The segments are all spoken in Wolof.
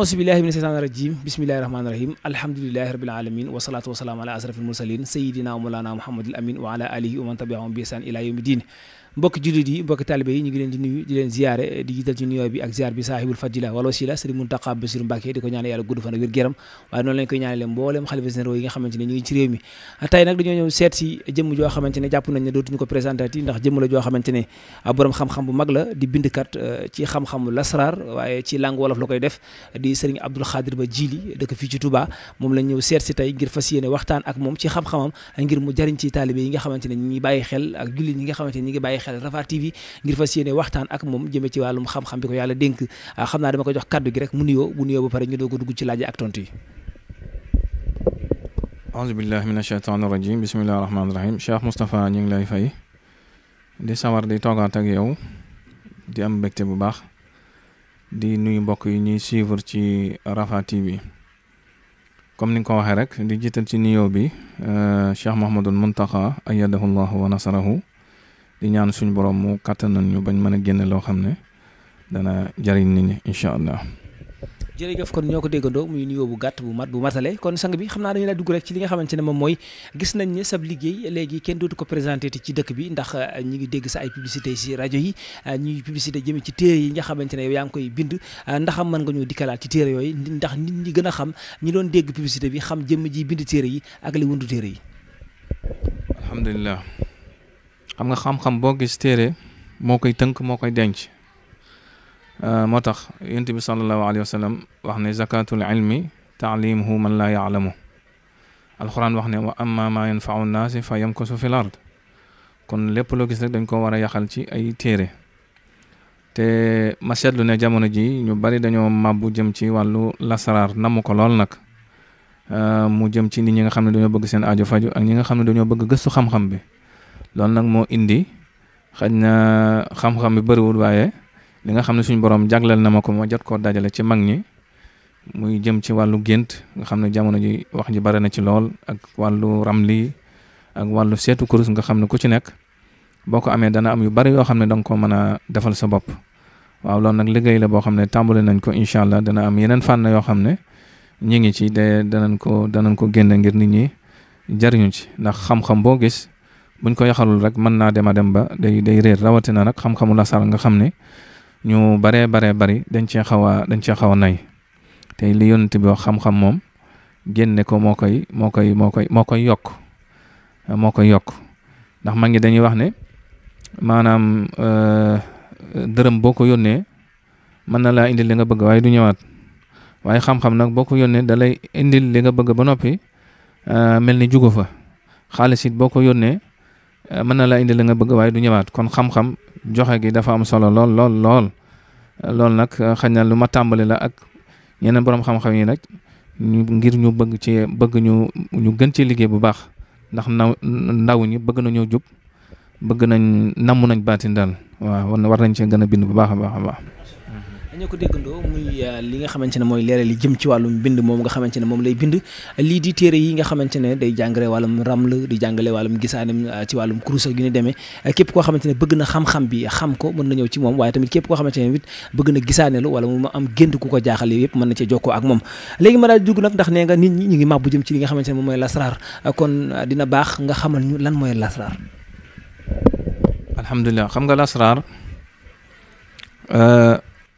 aousubillahi mina seytaan rajim bismillahi rahmaani rahim alhamdulilahi rabil alamin wasalaatu wasalaam ala asrafil mursalin sayidina wa molana muhammadil amin wa ala alihi wa man tabiahum bi ihsan ila yawmi din mbokki jullit yi mbokki taalibé yi ñu ngi leen ziyaare di ci nuyoo ak ziyaar bi saahibul fadila wala wasila sëriñ Muntaxa Basiru Mbàkke di ko ñaanal yàlla gudd fan ak wér waaye noonu lañ koy ñaanale mboolem xalifa généraux ne ñu ah, joo xamante ne jàpp nañ ne dootuñu ko présentati ndax jëmm la joo xamante ne ah, borom la di bindkat euh, ci la koy def di sëriñ Ba Jili dëkk fii ci Touba moom lañ ñëw seet si tey ngir fas yéene waxtaan yi nga xamante ñu ngi bàyyi xel ak jullit ñi nga xamante ñu ngi bàyyi bàyyi xel Rafah TV ngir fas yéene waxtaan ak moom jëme ci wàllum xam-xam bi ko yàlla dénk ah, xam naa dama ko jox kaddu gi rek mu nuyoo bu nuyoo ba pare ñu doog a dugg ci laaj ak tontu yi aousubillah min asheytaan irajim bisimillahi rahmanirahim Cheikh Moustapha ñu ngi lay fay di sawar di toogaat ak yow di am mbégte bu baax di nuyu mbokk yi ñuy suivre ci Rafah TV comme ni nga ko waxee rek di jiital ci nuyoo bi euh, Cheikh Mouhamadul Muntaqa ayyadahu llahu wa nasarahu di ñaan suñu borom mu kàttanan ñu bañ mën a génne loo xam ne dana jariñ nit ñi incha allah. jërëjëf kon ñoo ko déggandoo muy nuyoo bu gàtt bu mat bu matale kon sang bi xam naa dañu la dugg rek ci li nga xamante ne moom mooy gis nañ ne sab liggéey léegi kenn dootu ko présenté ci dëkk bi ndax euh, ñi ngi dégg sa ay publicité si rajo yi euh, ñuy publicité jëme ci téere yi nga xamante ne yow yaa ngi koy bind euh, ndax am mën nga ñoo dikkalaat ci téere yooyu ndax nit ñi gën a xam ñi doon dégg publicité bi xam jëmm ji bind téere yi ak li wundu téere yi alhamdulilah xam nga xam-xam boo gis téere moo koy tënk moo koy denc euh, moo tax yonent bi sallallahu alayhi wa sallam wax ne zakatul ilmi taalimuhu man laa yaalamu alxuraan wax ne wa amma ma yanfau nnaasi fa yamkusu fi l ard kon lépp loo gis rek dañ ko war a yaxal ci ay téere te ma seetlu ne jamono ji ñu bari dañoo màbbu jëm ci wàllu lasaraar nam ko lool nag euh, mu jëm ci nit ñi nga xam ne dañoo bëgg seen ajo faju ak ñi nga xam ne dañoo bëgg gëstu xam-xam bi loolu nag moo indi xaj na xam-xam bi bariwul waaye li nga xam ne suñu borom jagleel na ma ko moo jot koo dajale ci mag ñi muy jëm ci wàllu gént nga xam ne jamono ji wax ji bare na ci lool ak wàllu ramli ak wàllu seetu kurus nga xam ne ku ci nekk boo ko amee dana am yu bari yoo xam ne danga ko mën a defal sa bopp waaw loolu nag liggéey la boo xam ne tàmbale nañ ko incha allah dana am yeneen fànn yoo xam ne ñu ngi ci de danañ ko danañ ko génne ngir nit ñi jariñu ci ndax xam boo gis buñ ko yaxalul rek mën naa dem a dem ba day day rawatina nag xam-xamu lasar nga xam ne ñu baree baree bari dañ cee xaw a dañ cee xaw a nay tey li yonent bi wax xam moom génne ko moo koy moo koy moo koy moo koy yokk moo koy yokk ndax ma ngi dañuy wax ne maanaam euh, dërëm boo ko yónnee mën na laa indil li nga bëgg waaye du ñëwaat waaye xam-xam nag boo ko yónnee da lay indil da nga bëgg ba noppi euh, mel ni jugu fa xaalis it boo ko yónnee Eh, mën na laa indi la nga bëgg waaye du ñëwaat kon xam-xam joxe gi dafa am solo lool lool lool eh, loolu nag eh, xañ na lu ma tàmbali la ak ñeneen boroom xam-xam yi nag ñu ngir ñu bëgg ci bëgg ñu ñu gën ci liggéey bu baax ndax naw ndaw ñi bëgg nañoo jub bëgg nañ namm nañ baatin daal waaw war nañ cee gën a bind bu baax a baax a baax ñoo ko déggandoo muy euh, li nga xamante ne mooy leeral li jëm ci wàllum bind moom nga xamante ne moom lay bind lii di téere yi xamante ne day jàngale wàllum raml di jàngale wàllum gisaanim euh, ci wàllum kurus ak yu demee euh, képp koo xamante ne bëgg na xam bi xam ko mën na ñëw ci moom waaye tamit képp koo xamante ne it bëgg na gisaaneelu wala mu am gént ku ko jaaxal yëpp mën na cee ko ak moom léegi ma daal dugg nag ndax nee nga nit ñi ñu ngi màbbu jëm ci li nga xamante ne moom mooy lasraar dina baax nga xamal ñu lan mooy lasraar alhamdulilah xam nga lasraar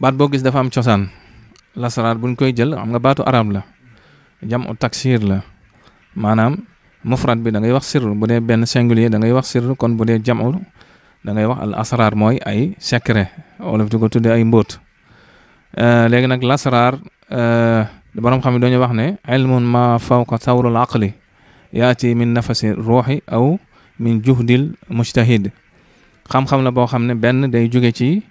baat boo gis dafa am cosaan lasaraar buñ koy jël xam nga baatu arab la jam u taksiir la maanaam mufrad bi da ngay wax sirru bu dee benn singulier da ngay wax sirru kon bu dee jamu da ngay wax al asraar mooy ay secret wolof di ko tuddee ay mbóot euh, léegi nag lasaraar euh, borom xam ne dañu wax ne ilmun ma fawqa sawrul aqli yaati min nafasi ruuxi aw min juhdil mujtahid xam-xam la boo xam ne benn day jóge ci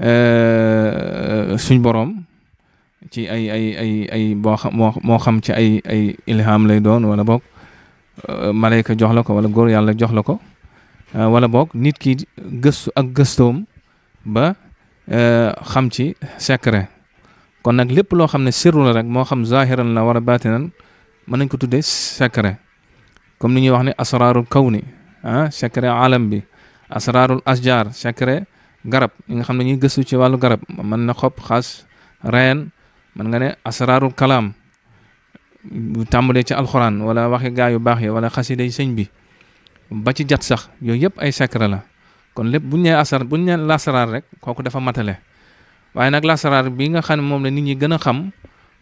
Euh, suñ boroom ci ay ay ay ay boo xam moo xam ci ay ay ilham lay doon wala boog euh, malayka jox la ko wala góor yàlla jox la ko euh, wala boog nit ki gëstu ak gëstoom ba xam ci secret kon nag lépp loo xam ne sirru la rek moo xam zahiran la war a baatinan mën nañ ko tuddee secret comme ni ñuy wax ne asraarul kawni ah secret alam bi asraarul asjar secret garab yi nga xam ne ñuy gëstu ci wàllu garab mën na xob xas reen mën nga ne asraarul kalaam bu tàmbalee ci alxuraan wala waxi gaa yu baax yi wala xasida yi sëñ bi ba ci jat sax yooyu yëpp ay secret la kon lépp bu ñu nee bu ñu nee lasaraar rek kooku dafa matale waaye nag lasaraar bi nga xam ne moom la nit ñi gën a xam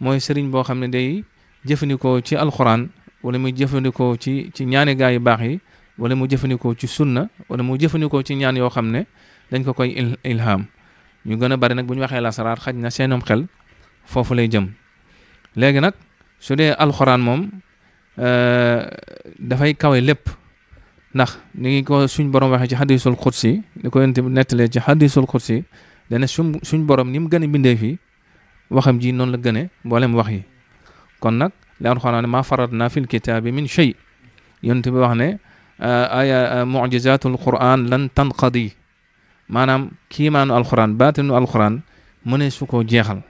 mooy sëriñ boo xam ne day jëfandikoo ci alxuraan wala muy jëfandikoo ci ci ñaani gaa yu baax yi wala mu jëfandikoo ci sunna wala mu jëfandikoo ci ñaan yoo xam ne dañ ko koy ilham ñu gën a bari nag bu ñu waxee lasaraar xaj na seenum xel foofu lay jëm léegi nag su dee alxuraan moom euh, dafay kawe lépp ndax ni ngi ko suñ borom waxee ci xadisul xudsi li ko yonent nettalee ci xadisul xudsi dana suñ suñ borom ni mu gën a bindee fii waxam ji noonu la gënee mboolem wax yi kon nag li alxuraan ne maa farat naa fil kitaabi min shay yonent bi wax ne aya mujizatul quran lan tanqadi maanaam kiimaanu alxuraan baatinu alxuraan mënees su ko jeexal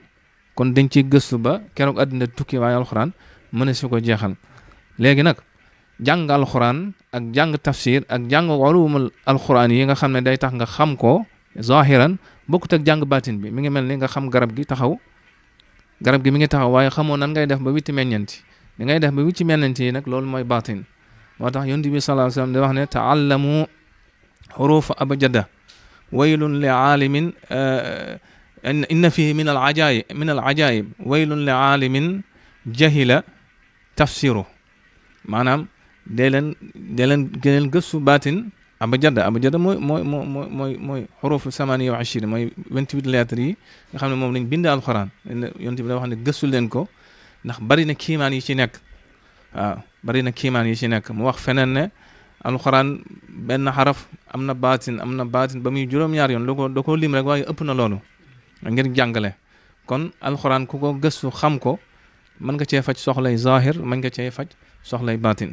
kon dañ ci gëstu ba keroog àddina tukki waaye alxuraan mënees su ko jeexal léegi nag jàng alxuraan ak jàng tafsir ak jàng ulumul alxuraan yi nga xam ne day tax nga xam ko zahiran bokkut ak jàng baatin bi mi ngi mel ni nga xam garab gi taxaw garab gi mi ngi taxaw waaye xamoo nan ngay def ba witti meññeenti li ngay def ba witti meññeenti yi nag loolu mooy baatin moo tax yonent bi sallallahu alayhi wasallam di wax ne taallamu xuruufa abjada waylun li aalimin inna fihi min al ajaayib min al ajaayib waylun li aalimin jahila tafsiru maanaam dee leen dee leen gën leen gëstu baatin abajada abajada mooy mooy mooy mooy mooy mooy xurufu samaniya wa ashir mooy vingt-huit lettres yi nga xam ne moom lañ binda alxuraan yonent bi da wax ne gëstu leen ko ndax bari na kiimaan yi ci nekk waaw bari na kiimaan yi ci nekk mu wax feneen ne alxuraan benn xaraf am na baatin am na baatin ba muy juróom-ñaar yoon lu ko da koo lim rek waaye ëpp na loolu ngir jàngale kon alxuraan ku ko gëstu xam ko mën nga cee faj soxlay zahir mën nga cee faj soxlay baatin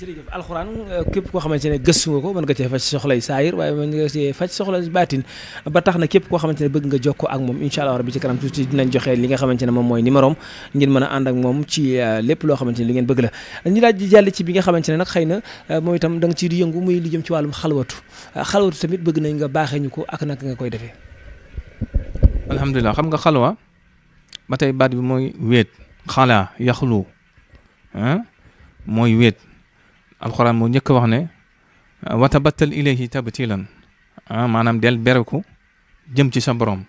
jërëjëf alxuraan euh, képp koo xamante ne gëstu nga ko mën nga cee faj soxlay saayir waaye mën nga cee faj soxla baatin ba tax na képp koo xamante ne bëgg nga jokkoo ak moom incha allah rabbi ci kanam tuuti dinañ joxe li nga xamante ne moom mooy numérom ngeen mën a ànd ak moom ci euh, lépp loo xamante ne li ngeen bëgg la ñu daal jàll ci bi nga xamante ne nag xëy na euh, moom itam da nga ci di yëngu muy li jëm ci wàllum xalwatu xalwatu tamit bëgg nañ nga baaxee ñu ko ak naka nga koy defee alhamdulilah xam nga xalwa ba tey baat bi mooy wéet xala yaxlu mooy wéet alxuraan mu njëkk wax ne watabattal ilayhi tabtilan ah maanaam del bereku jëm ci sa borom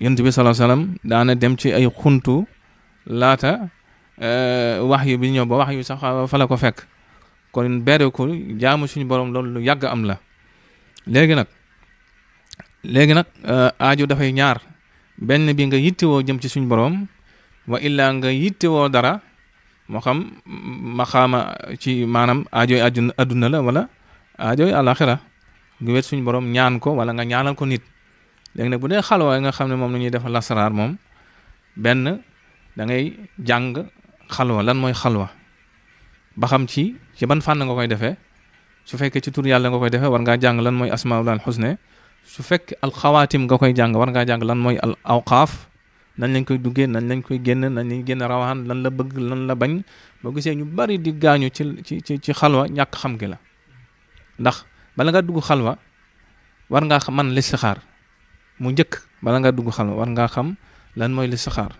yonent bi sallallahu alayhi wasallam dem ci ay xuntu laata eh, wax yu bi ñëw ba wax yu sax fa la ko fekk kon bereku jaamu suñu borom loolu lu yàgg am la léegi nag léegi nag eh, aajo dafay ñaar benn bi nga yittewoo jëm ci suñu borom wa illaa nga yittewoo dara moo xam maxaama ci maanaam ajooy àdduna àdduna la wala aajoy àlaxira nga wet suñ borom ñaan ko wala nga ñaanal ko nit léegi ne bu dee xalwa nga xam ne moom la ñuy defal lasaraar moom benn dangay jàng xalwa lan mooy xalwa ba xam ci ci ban fànn nga koy defee su fekkee ci tur yàlla nga koy defee war ngaa jàng lan mooy asmaul husna su fekk alxawaatim nga koy jàng war ngaa jàng lan mooy al awqaaf nañ lañ koy duggee nañ lañ koy génn nañ lañ génn rawaan lan la bëgg lan la bañ boo gisee ñu bari di gaañu ci ci ci xalwa ñàkk xam gi la ndax bala nga dugg xalwa war ngaa xam man listixaar mu njëkk bala nga dugg xalwa war ngaa xam lan mooy listixaar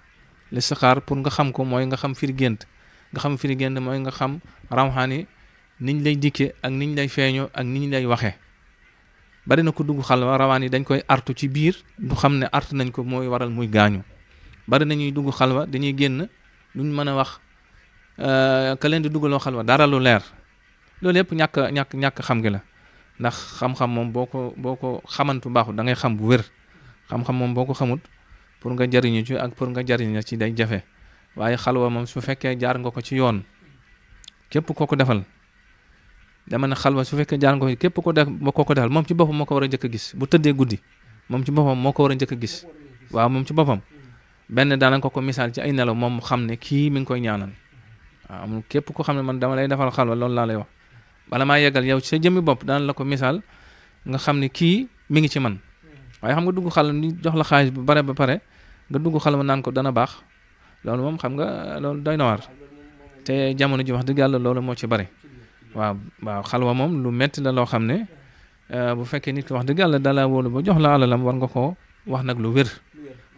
listixaar pour nga xam ko mooy nga xam firi gént nga xam firi gént mooy nga xam rawaan yi niñ lay dikkee ak niñ lay feeñoo ak niñ lay waxee bari na ko dugg xalwa rawaan yi dañ koy artu ci biir du xam ne art nañ ko mooy waral muy gaañu bari nañuy dugg xalwa dañuy génn duñ mën a wax euh, ka leen di duggaloo xalwa dara lu leer loolu yëpp ñàkk ñàkk ñàkk xam gi la ndax xam-xam moom boo ko boo ko xamantu baaxul da ngay xam bu wér xam-xam moom boo ko xamut pour nga jariñu ci ak pour nga jariñu ci day jafe waaye xalwa moom su fekkee jaar nga ko ci yoon képp koo ko defal dama ne xalwa su fekkee jaar nga ko képp ko def ko defal moom ci boppam moo ko war a njëkk a gis bu tëddee guddi moom ci boppam moo ko war a njëkk a gis waaw moom ci boppam benn daanañ ko ko ci ay nelaw moom xam ne kii mi ngi koy ñaanal waaw amul képp ko xam ne man dama lay defal xalwa loolu laa lay wax bala maa yeggal yow ci sa jëmmi bopp daan la ko misaal nga xam ne kii mi ngi ci man waaye xam nga dugg xalwa ni jox la xaalis bu bare ba pare nga dugg xalwa naan ko dana baax loolu moom xam nga loolu doy na jamono ji wax dëgg yàlla loolu moo ci bare waaw waaw xalwa moom lu metti la loo xam ne euh, bu fekkee nit ki wax dëgg yàlla dala wóolu ba jox la alalam war nga ko wax nag lu wér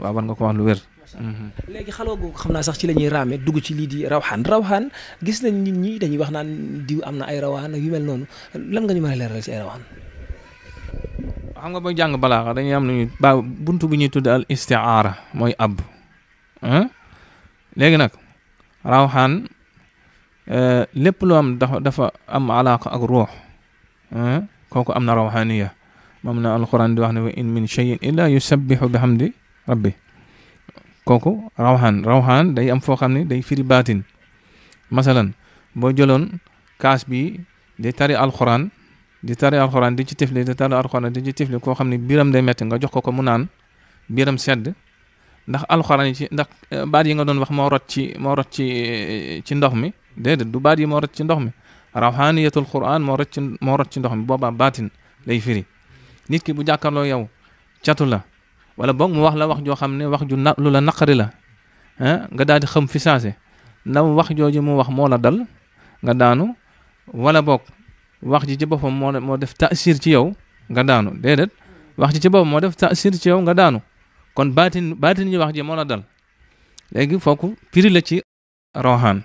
waaw war nga ko wax lu wér Mm-hmm. léegi xaloo googu xam sax ci la ñuy dugg ci lii di rawxaan rawxaan gis nañ nit ñi dañuy wax naan diw am na ay rawaan ak yu lan nga ñu mën a ay rawaan xam nga booy jàng am nañu ba buntu bu ñuy tudd al istiaara mooy ab léegi nag rawxaan eh, lépp lu am dafa dafa am alaaqa ak ruux kooku am na rawxaaniya moom na alquran di wax ne wa in min cheyin illa yusabbihu bihamdi rabbi kooku rawxaan rawxaan day am foo xam ne day firi baatin masalan boo jëloon kaas bi di tari alxuraan di tari alxuraan di ci tifli di tari alxuraan di ci koo xam ne biiram day metti nga jox ko ko mu naan biiram sedd ndax alxuraan yi ci ndax eh, baat yi nga doon wax moo rot ci moo rot ci eh, ndox mi déedéet du baat moo rot ci ndox mi rawxaaniyatul quraan moo rot ci moo rot ci ndox mi boobaa baatin lay firi nit ki bu jàkkaarloo yow catu la wala boog mu wax la wax joo xam ne wax ju na lu la naqari la nga daal di xam fi saase ndaw wax jooju mu wax moo la dal nga daanu wala boog wax ji ci boppam moo moo def taasir ci yow nga daanu déedéet wax ji ci boppam moo def taasir ci yow nga daanu kon baatin baatin yi wax ji moo la dal léegi fooku piri la ci roxaan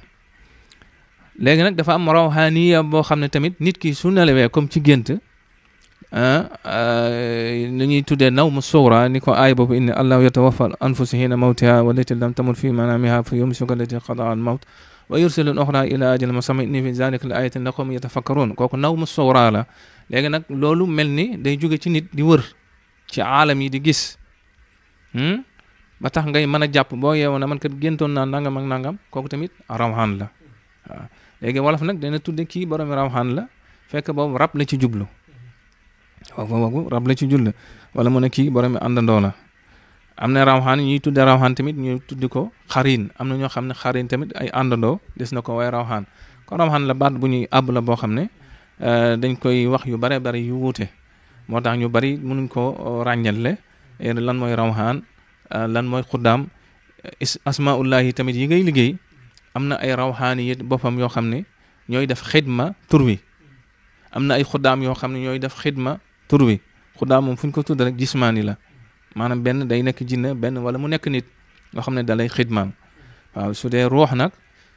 léegi nag dafa am roxaaniya boo xam ne tamit nit ki su nelawee comme ci gént Ah, ah, nu ñuy tuddee naw mu suura ni ko aay boobu inna allahu yatawaffa al anfusa hiina mawtiha wallati lam tamut fi manaamiha fa yumsiku allati qadaa al mawt wa yursilu al uxra ila ajalin musamman inna fi zalika la ayatin laqawmin yatafakkarun kooku naw mu suura la léegi nag loolu mel ni day jóge ci nit di wër ci aalam yi di gis hmm? ba tax ngay mën a jàpp boo yeewoon na man kat géntoon naa nangam ak nangam kooku tamit rawxaan la waaw léegi wolof nag dana tudde kii borom rawxaan la fekk boobu rab la ci jublu kooku kooku rab ci jul wala mu ne kii borom mi àndandoo la am na rawxaan ñuy tudde rawxaan tamit ñu tudd ko xarin am na ñoo xam ne xarin tamit ay àndandoo des na ko waaye rawxaan kon rawxaan la baat bu ñuy àbb la boo xam ne euh, dañ koy wax yu bare bari yu wute moo tax ñu bari mënuñ ko euh, ràññale eh, lan mooy rawxaan euh, lan mooy xuddaam asmaullahi tamit yi ngay liggéey am na ay rawxaani yi boppam yoo xam ne ñooy def xidma tur wi am na ay xuddaam yoo xam ne ñooy tur wi xudaa moom fuñ ko tudd rek jismaani la maanaam benn day nekk jinne benn wala mu nekk nit nga xam ne dalay lay xidmaam su dee ruux nag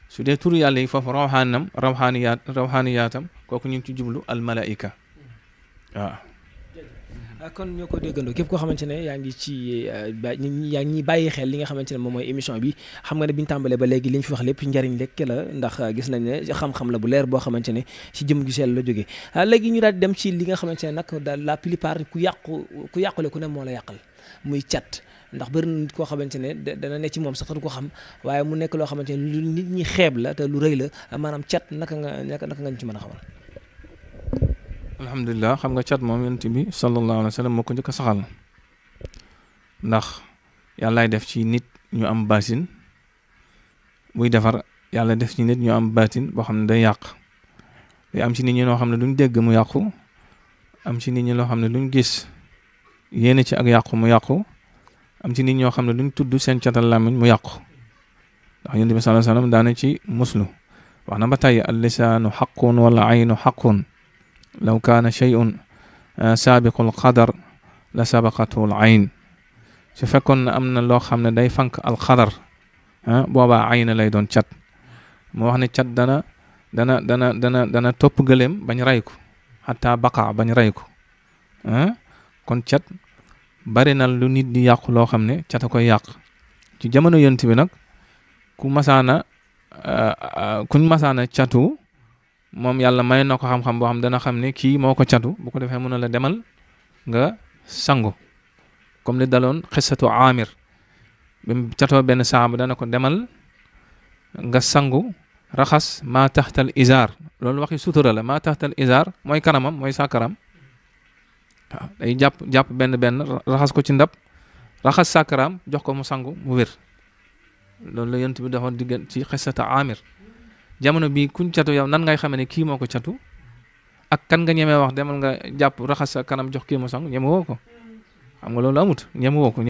su dee tur yàlla yi foofu rawxaanam rawxaani yaat rawxaani yaatam ñu ngi ci jublu al malaika Ah, kon ñoo ko déggandoo képp koo xamante ne yaa ngi ci euh, yaa ngi bàyyi xel li nga xamante ne moom mooy émission bi xam nga ne bi ñu tàmbalee ba léegi li ñu fi wax lépp njariñ lekk la ndax euh, gis nañ ne xam-xam la bu leer boo xamante ne ci jëm gi seel la jógee ah, léegi ñu daal dem ci li nga xamante ne nag daal la plupart ku yàqu ku yàqule ku moo la yàqal muy cat ndax bëri koo xamante ne dana ne ci moom sax du ko xam waaye mu nekk loo xamante ne lu nit ñi xeeb la te lu rëy la maanaam cet naka nga naka nga ñu ci mën a xamal alhamdulilah xam nga cat moom yonent bi sallallahu alayhi wa sallam moo ko njëkk a saxal ndax yàllaay def ci nit ñu am baatin muy defar yàlla def ci nit ñu am baatin boo xam ne day yàq day am ci nit ñi loo xam ne duñ dégg mu yàqu am ci nit ñi loo xam ne duñ gis yéene ci ak yàqu mu yàqu am ci nit ñoo xam ne duñ tudd seen catal làmmiñ mu yàqu ndax yonent bi sallallahu alayhi daana ci muslu wax na ba tey al lisaanu xaqun wala aynu xaqun law kaana shay'un saabiqul qadar la sabaqatu al ayn su fekkoon na am na loo xam ne day fanq al qadar boobaa ayna lay doon cat moo wax ne cat dana dana dana dana dana topp gëléem bañ ray ko xataa baqa bañ ray ko kon cat bari na lu nit di yàqu loo xam ne cat ko koy yàq ci jamono yonent bi nag ku masaana kuñ masaana catu moom yàlla may na ko xam-xam boo xam dana xam ne kii moo ko catu bu ko defee mën na la demal nga sangu comme li daloon xisatu amir bi mu benn saaba dana ko demal nga sangu raxas maa taxtal izar loolu waxi sutura la maa taxtal izar mooy kanamam mooy sàkkaram day jàpp jàpp benn benn raxas ko ci ndab raxas sàkkaraam jox ko mu sangu mu wér loolu la yent bi dafa diggan ci xisata amir jamono bii kuñ catu yow nan ngay xamee ne kii moo ko catu ak kan nga ñemee wax demal nga jàpp raxas sa kanam jox kii mu sang ñeme woo ko xam nga loolu amut ñeme woo ko